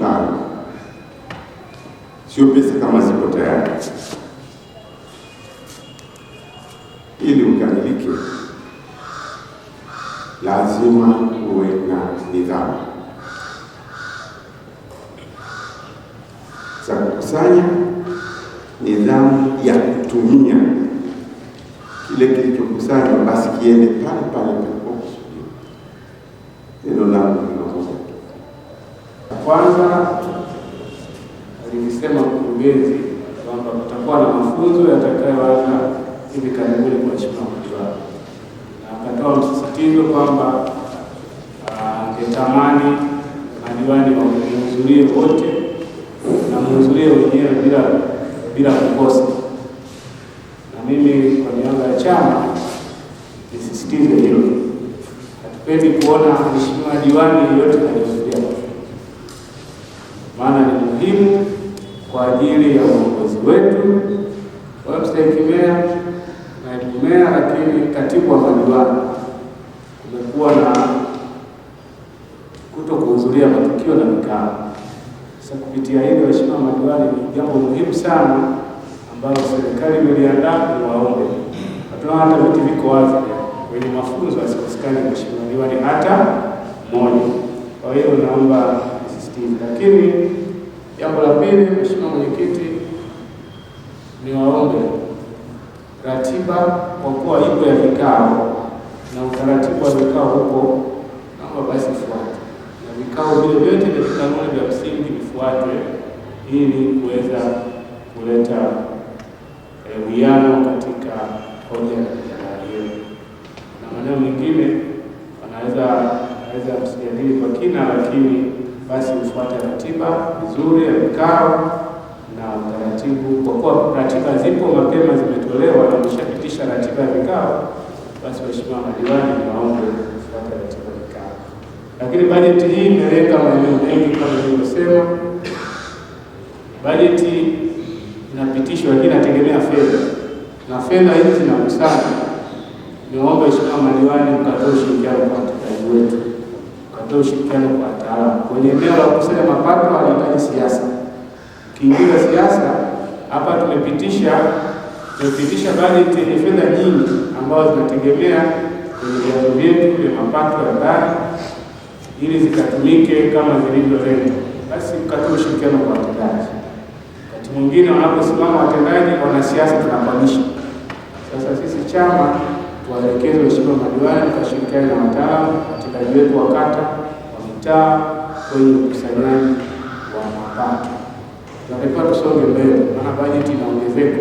tano, sio pesa kama ziko tayari. Ili ukamilike, lazima uwe na nidhamu za kukusanya, nidhamu ya kutumia kile kilichokusanywa, basi kiende pale pale. kwanza alisema mkurugenzi kwamba kutakuwa na mafunzo yatakayoanza hivi karibuni kwa waheshimiwa madiwani, na akatoa msisitizo kwamba ah, angetamani madiwani wamhudhurie wote na mhudhurie wenyewe bila bila kukosa. Na mimi kwa niaba ya chama nisisitize hilo, hatupendi kuona mheshimiwa diwani yeyote anahudhuria maana ni muhimu kwa ajili ya uongozi wetu. Westahiki meya, na meya, lakini katibu wa madiwani, kumekuwa na kuto kuhudhuria matukio na mikao. Sasa kupitia hili waheshimiwa madiwani, ni jambo muhimu sana ambalo serikali imeliandaa kuwaombe watoa, hata viti viko wazi wenye mafunzo asikosekane, mheshimiwa diwani hata mmoja. Kwa hiyo naomba hizi. Lakini jambo la pili, Mheshimiwa Mwenyekiti, ni waombe ratiba kwa kuwa ipo ya vikao na utaratibu wa vikao huko, naomba basi fuate na vikao vile vyote vya vikanuni vya msingi vifuatwe ili kuweza kuleta eh, uwiano katika hoja ya yanayo na maneno mengine wanaweza anaweza msijadili kwa kina, lakini basi ufuate ratiba vizuri ya vikao na utaratibu, kwa kuwa ratiba zipo mapema zimetolewa na mshapitisha ratiba ya vikao, basi waheshimiwa madiwani niwaombe kufuata ratiba ya vikao. Lakini bajeti hii imelenga maeneo mengi kama nilivyosema, bajeti inapitishwa lakini inategemea fedha na fedha hizi zinakusanywa. Niwaombe waheshimiwa madiwani mkatoe ushirikiano kwa watendaji wetu, mkatoe ushirikiano kwa kwenye eneo la kukusanya mapato alihitaji siasa. Ukiingiza siasa hapa, tumepitisha tumepitisha bajeti yenye fedha nyingi ambazo zinategemea kwenye vyanzo vyetu vya mapato ya ndani ili zikatumike kama zilivyolenga. Basi mkatoa ushirikiano kwa watendaji. Wakati mwingine wanaposimama watendaji, wanasiasa tunapanisha. Sasa sisi chama tuwaelekeze waheshimiwa madiwani, tukashirikiana na wataalamu watendaji wetu wa kata taa kwenye ukusanyaji wa mapato. Tunatakiwa tusonge mbele, maana bajeti inaongezeka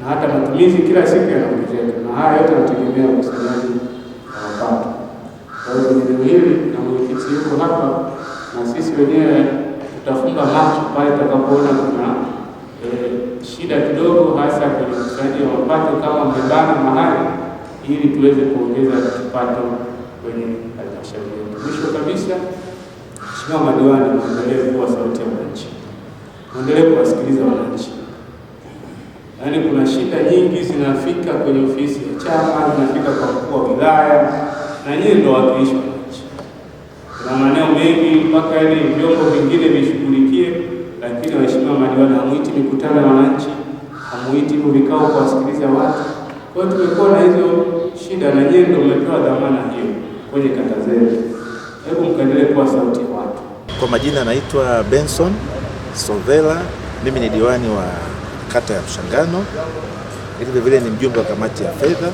na hata matumizi kila siku yanaongezeka, na haya yote yanategemea ukusanyaji wa mapato. Kwa hiyo eneo hili na mwenyekiti yuko hapa, na sisi wenyewe tutafunga macho pale tutakapoona kuna eh, shida kidogo, hasa kwenye ukusanyaji wa mapato kama mmebana mahali, ili tuweze kuongeza kipato kwenye halmashauri yetu. Mwisho kabisa Mheshimiwa madiwani, mwendelee kuwa sauti ya wananchi, mwendelee kuwasikiliza wananchi. Yaani kuna shida nyingi zinafika kwenye ofisi ya chama, zinafika kwa mkuu wa wilaya, na nyinyi ndio wawakilishi wananchi. Kuna maeneo mengi mpaka ili yaani vyombo vingine vishughulikie, lakini waheshimiwa madiwani hamuiti mikutano ya wananchi, hamuiti hivyo vikao kuwasikiliza watu. Kwa hiyo tumekuwa na hizo shida, na nyinyi ndio mmepewa dhamana hiyo kwenye kata zetu. Hebu mkaendelee kuwa sauti kwa majina naitwa Benson Sovela, mimi ni diwani wa kata ya Mshangano, lakini vile ni mjumbe wa kamati ya fedha.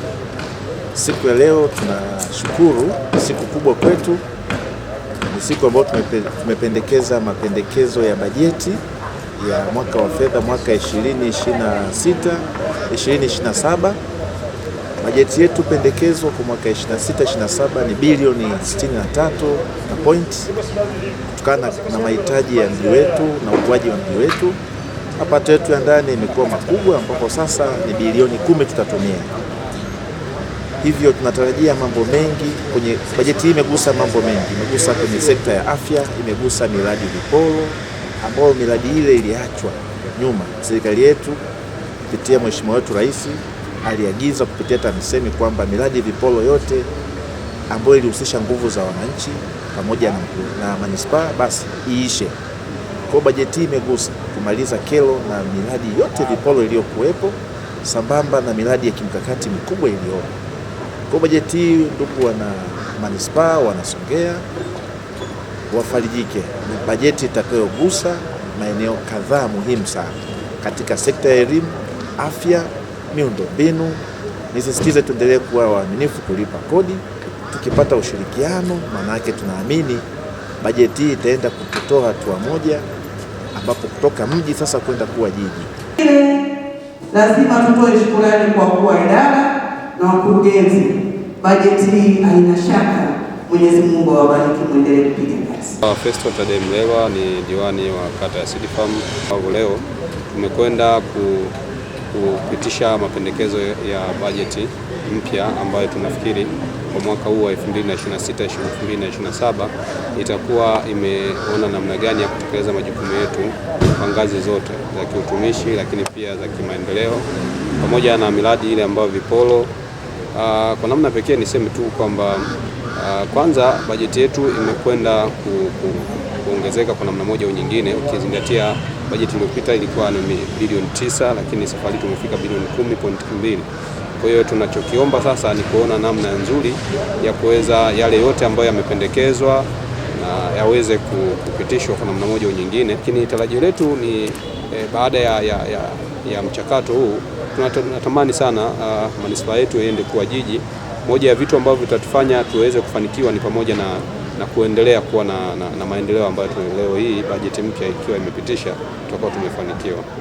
Siku ya leo tunashukuru, siku kubwa kwetu, ni siku ambayo tumependekeza mapendekezo ya bajeti ya mwaka wa fedha mwaka 2026 2027 Bajeti yetu pendekezo kwa mwaka 26 27 ni bilioni 63 na point, kutokana na mahitaji ya mji wetu na ukuaji wa mji wetu. Mapato yetu ya ndani imekuwa makubwa ambapo sasa ni bilioni kumi tutatumia hivyo tunatarajia mambo mengi kwenye bajeti hii. Imegusa mambo mengi, imegusa kwenye sekta ya afya, imegusa miradi viporo ambayo miradi ile iliachwa nyuma. Serikali yetu kupitia mheshimiwa wetu Rais aliagiza kupitia TAMISEMI kwamba miradi vipolo yote ambayo ilihusisha nguvu za wananchi pamoja na, na manispaa basi iishe. Kwa bajeti hii imegusa kumaliza kero na miradi yote vipolo iliyokuwepo sambamba na miradi ya kimkakati mikubwa iliyopo. Kwa bajeti hii, ndugu wana manispaa, wanasongea wafarijike, ni bajeti itakayogusa maeneo kadhaa muhimu sana katika sekta ya elimu, afya miundombinu. Nisisitize tuendelee kuwa waaminifu kulipa kodi. Tukipata ushirikiano, yake tunaamini bajeti hii itaenda kututoa hatua moja ambapo kutoka mji sasa kwenda kuwa jiji. Lazima tutoe shukrani kwa kuwa idara na wakurugenzi, bajeti hii haina shaka. Mwenyezi Mungu awabariki, mwendelee kupiga kazi. Ah, Festo Tadei Mlewa ni diwani wa kata ya Sidifam. Leo tumekwenda ku kupitisha mapendekezo ya bajeti mpya ambayo tunafikiri kwa mwaka huu wa 2026 2027 itakuwa imeona namna gani ya kutekeleza majukumu yetu kwa ngazi zote za kiutumishi, lakini pia za kimaendeleo pamoja na miradi ile ambayo vipolo. Aa, ah, kwa namna pekee niseme tu kwamba ah, kwanza bajeti yetu imekwenda ku, ku, kuongezeka kwa namna moja au nyingine ukizingatia Bajeti iliyopita ilikuwa ni bilioni tisa, lakini safari tumefika bilioni kumi point mbili. Kwa hiyo tunachokiomba sasa ni kuona namna nzuri ya kuweza yale yote ambayo yamependekezwa na yaweze kupitishwa kwa namna moja au nyingine, lakini tarajio letu ni e, baada ya, ya, ya, ya mchakato huu tunatamani sana uh, manispaa yetu iende kuwa jiji. Moja ya vitu ambavyo vitatufanya tuweze kufanikiwa ni pamoja na na kuendelea kuwa na, na, na maendeleo ambayo leo hii bajeti mpya ikiwa imepitisha tutakuwa tumefanikiwa.